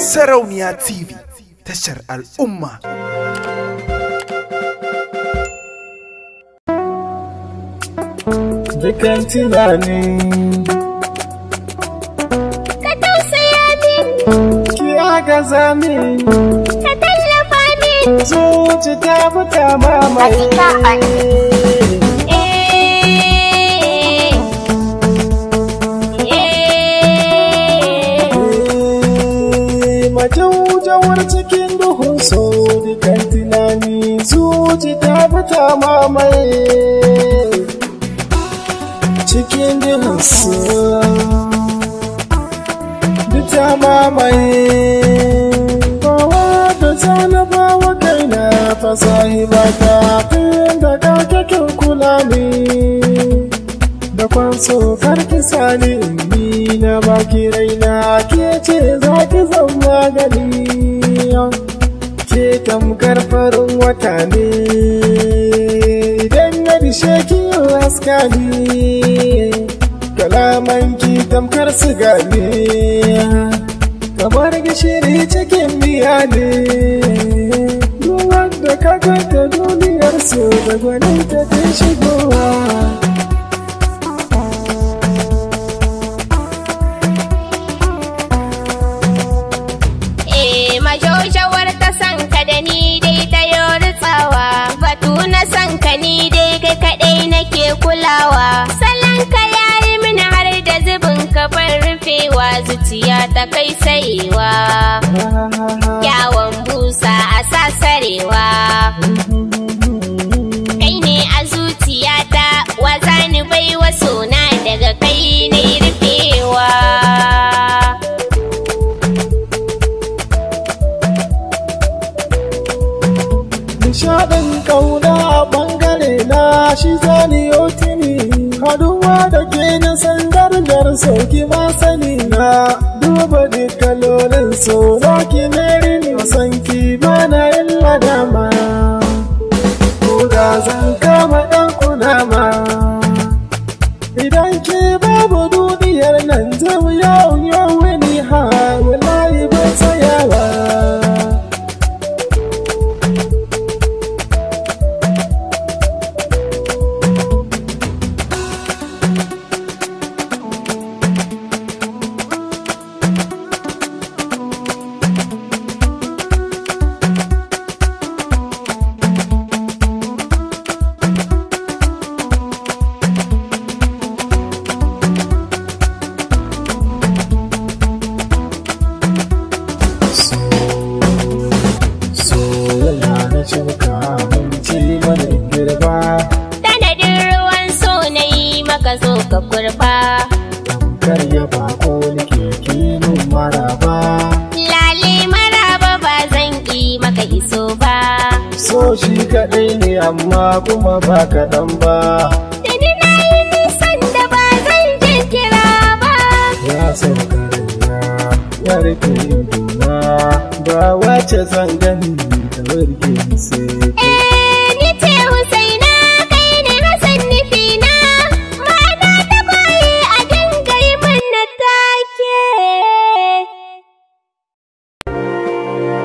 Sarauniya TV tashar al'umma. Dukan tunani. Ka tausaya min. Ki agaza min. Ka tallafa min. Zuci ta fita mamaye. kawar cikin duhun so kan tunani zuci ta fita mamaye cikin duhun so ta mamaye kowa da zanabawa kaina fasahi ba ta ban so karki sani ni na baki raina ke ce za ki zama gani ke tamkar farin wata ne idan na bi sheki laska kalaman ki tamkar siga ne kamar gishiri cikin miya ne ruwan da ka duniya duniyar su da gwanin ta ta shigowa kawar ta sanka ka da ni dai ta rutsawa batu na san ka ni dai kai kadai nake kulawa salon ka yayi mini har da zubin kafar rufewa zuciya ta kai sayewa Yawon busa a sarewa. kai ne a zuciyata wa zani bai waso Nishaɗin ƙauna a ɓangare na shi zani otini Haduwa da ke na sandar dar sauki ma sani na Duba dukkan lolin so na ka kurfa karya bako nake ki mun maraba lale maraba ba zan ƙi maka iso ba so shi kaɗai ne amma kuma ba kaɗan ba na yi nisan da ba zan ba wace zan gani ta warke sai eh,